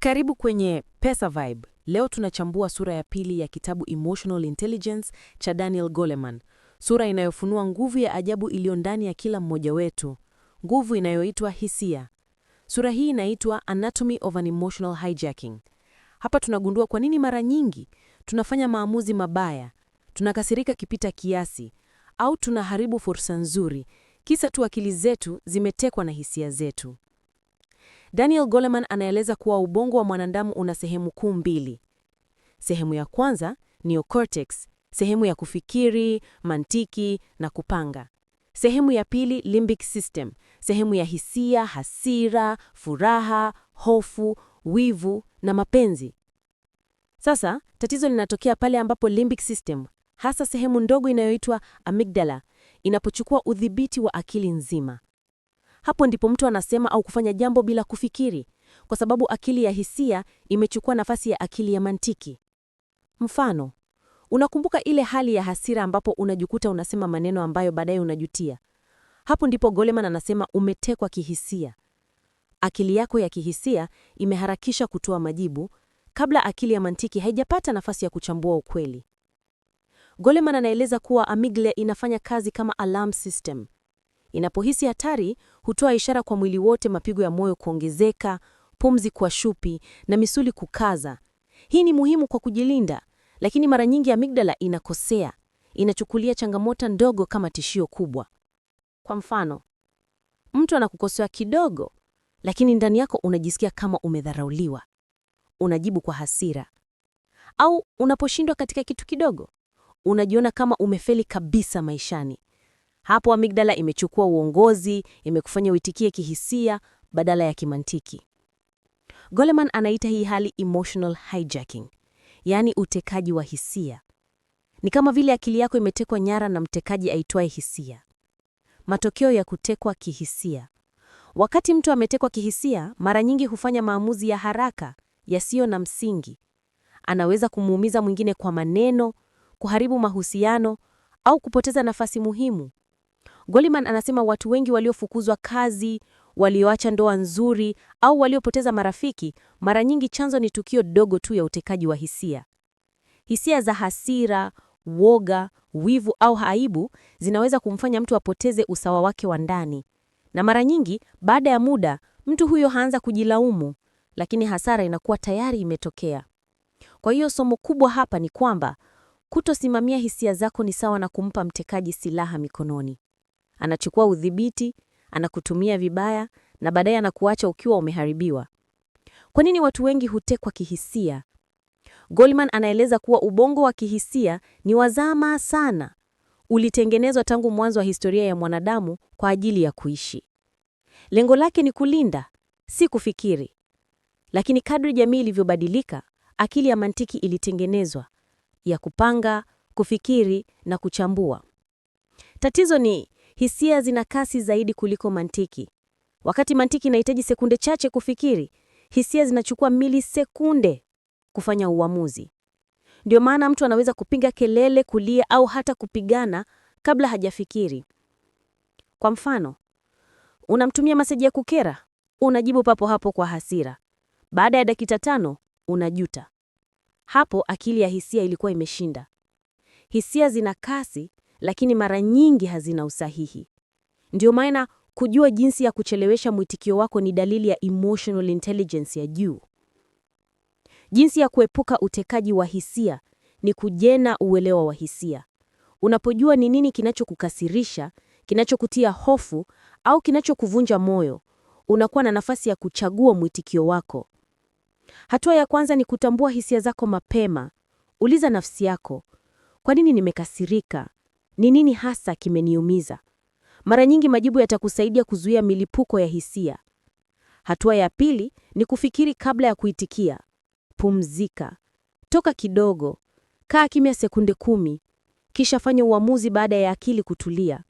Karibu kwenye Pesa Vibe. Leo tunachambua sura ya pili ya kitabu Emotional Intelligence cha Daniel Goleman, sura inayofunua nguvu ya ajabu iliyo ndani ya kila mmoja wetu, nguvu inayoitwa hisia. Sura hii inaitwa Anatomy of an Emotional Hijacking. Hapa tunagundua kwa nini mara nyingi tunafanya maamuzi mabaya, tunakasirika kipita kiasi, au tunaharibu fursa nzuri, kisa tu akili zetu zimetekwa na hisia zetu. Daniel Goleman anaeleza kuwa ubongo wa mwanadamu una sehemu kuu mbili. Sehemu ya kwanza, neocortex, sehemu ya kufikiri, mantiki na kupanga. Sehemu ya pili, limbic system, sehemu ya hisia, hasira, furaha, hofu, wivu na mapenzi. Sasa tatizo linatokea pale ambapo limbic system, hasa sehemu ndogo inayoitwa amygdala, inapochukua udhibiti wa akili nzima. Hapo ndipo mtu anasema au kufanya jambo bila kufikiri, kwa sababu akili ya hisia imechukua nafasi ya akili ya mantiki. Mfano, unakumbuka ile hali ya hasira ambapo unajikuta unasema maneno ambayo baadaye unajutia. Hapo ndipo Goleman anasema umetekwa kihisia. Akili yako ya kihisia imeharakisha kutoa majibu kabla akili ya mantiki haijapata nafasi ya kuchambua ukweli. Goleman anaeleza kuwa amigdala inafanya kazi kama alarm system. Inapohisi hatari, hutoa ishara kwa mwili wote, mapigo ya moyo kuongezeka, pumzi kwa shupi na misuli kukaza. Hii ni muhimu kwa kujilinda, lakini mara nyingi amygdala inakosea, inachukulia changamoto ndogo kama tishio kubwa. Kwa mfano, mtu anakukosoa kidogo, lakini ndani yako unajisikia kama umedharauliwa. Unajibu kwa hasira, au unaposhindwa katika kitu kidogo, unajiona kama umefeli kabisa maishani. Hapo amigdala imechukua uongozi, imekufanya uitikie kihisia badala ya kimantiki. Goleman anaita hii hali emotional hijacking, yaani utekaji wa hisia. Ni kama vile akili yako imetekwa nyara na mtekaji aitwaye hisia. Matokeo ya kutekwa kihisia. Wakati mtu ametekwa kihisia, mara nyingi hufanya maamuzi ya haraka yasiyo na msingi. Anaweza kumuumiza mwingine kwa maneno, kuharibu mahusiano au kupoteza nafasi muhimu. Goleman anasema watu wengi waliofukuzwa kazi, walioacha ndoa nzuri au waliopoteza marafiki, mara nyingi chanzo ni tukio dogo tu ya utekaji wa hisia. Hisia za hasira, woga, wivu au aibu zinaweza kumfanya mtu apoteze usawa wake wa ndani, na mara nyingi baada ya muda mtu huyo haanza kujilaumu, lakini hasara inakuwa tayari imetokea. Kwa hiyo somo kubwa hapa ni kwamba kutosimamia hisia zako ni sawa na kumpa mtekaji silaha mikononi anachukua udhibiti, anakutumia vibaya na baadaye anakuacha ukiwa umeharibiwa. Kwa nini watu wengi hutekwa kihisia? Goldman anaeleza kuwa ubongo wa kihisia ni wazama sana, ulitengenezwa tangu mwanzo wa historia ya mwanadamu kwa ajili ya kuishi. Lengo lake ni kulinda, si kufikiri. Lakini kadri jamii ilivyobadilika, akili ya mantiki ilitengenezwa ya kupanga, kufikiri na kuchambua. Tatizo ni hisia zina kasi zaidi kuliko mantiki. Wakati mantiki inahitaji sekunde chache kufikiri, hisia zinachukua milisekunde kufanya uamuzi. Ndio maana mtu anaweza kupiga kelele, kulia au hata kupigana kabla hajafikiri. Kwa mfano, unamtumia meseji ya kukera, unajibu papo hapo kwa hasira. Baada ya dakika tano unajuta. Hapo akili ya hisia ilikuwa imeshinda. Hisia zina kasi lakini mara nyingi hazina usahihi. Ndio maana kujua jinsi ya kuchelewesha mwitikio wako ni dalili ya emotional intelligence ya juu. Jinsi ya kuepuka utekaji wa hisia ni kujena uelewa wa hisia. Unapojua ni nini kinachokukasirisha, kinachokutia hofu au kinachokuvunja moyo, unakuwa na nafasi ya kuchagua mwitikio wako. Hatua ya kwanza ni kutambua hisia zako mapema. Uliza nafsi yako, kwa nini nimekasirika? Ni nini hasa kimeniumiza? Mara nyingi majibu yatakusaidia kuzuia milipuko ya hisia. Hatua ya pili ni kufikiri kabla ya kuitikia. Pumzika, toka kidogo, kaa kimya sekunde kumi, kisha fanya uamuzi baada ya akili kutulia.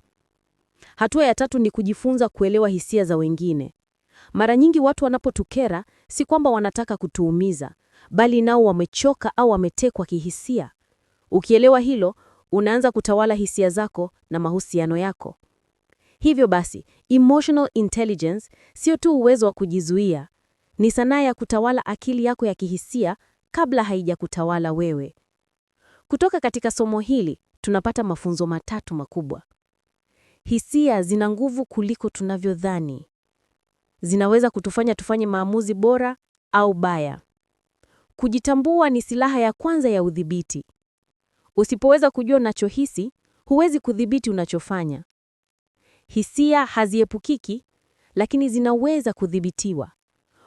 Hatua ya tatu ni kujifunza kuelewa hisia za wengine. Mara nyingi watu wanapotukera, si kwamba wanataka kutuumiza, bali nao wamechoka au wametekwa kihisia. Ukielewa hilo, unaanza kutawala hisia zako na mahusiano yako. Hivyo basi, emotional intelligence sio tu uwezo wa kujizuia, ni sanaa ya kutawala akili yako ya kihisia kabla haijakutawala wewe. Kutoka katika somo hili tunapata mafunzo matatu makubwa. Hisia zina nguvu kuliko tunavyodhani. Zinaweza kutufanya tufanye maamuzi bora au baya. Kujitambua ni silaha ya kwanza ya udhibiti. Usipoweza kujua unachohisi, huwezi kudhibiti unachofanya. Hisia haziepukiki, lakini zinaweza kudhibitiwa.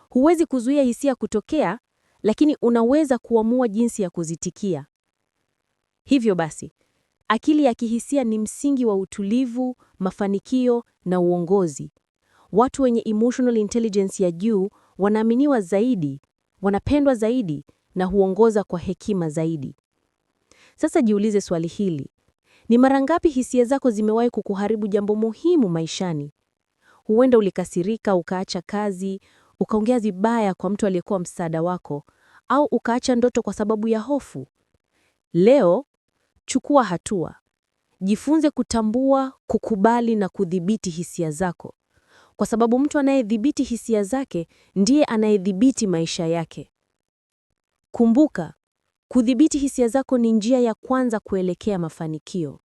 Huwezi kuzuia hisia kutokea, lakini unaweza kuamua jinsi ya kuzitikia. Hivyo basi, akili ya kihisia ni msingi wa utulivu, mafanikio na uongozi. Watu wenye emotional intelligence ya juu wanaaminiwa zaidi, wanapendwa zaidi na huongoza kwa hekima zaidi. Sasa jiulize swali hili. Ni mara ngapi hisia zako zimewahi kukuharibu jambo muhimu maishani? Huenda ulikasirika, ukaacha kazi, ukaongea vibaya kwa mtu aliyekuwa msaada wako, au ukaacha ndoto kwa sababu ya hofu. Leo chukua hatua. Jifunze kutambua, kukubali na kudhibiti hisia zako, kwa sababu mtu anayedhibiti hisia zake ndiye anayedhibiti maisha yake. Kumbuka, Kudhibiti hisia zako ni njia ya kwanza kuelekea mafanikio.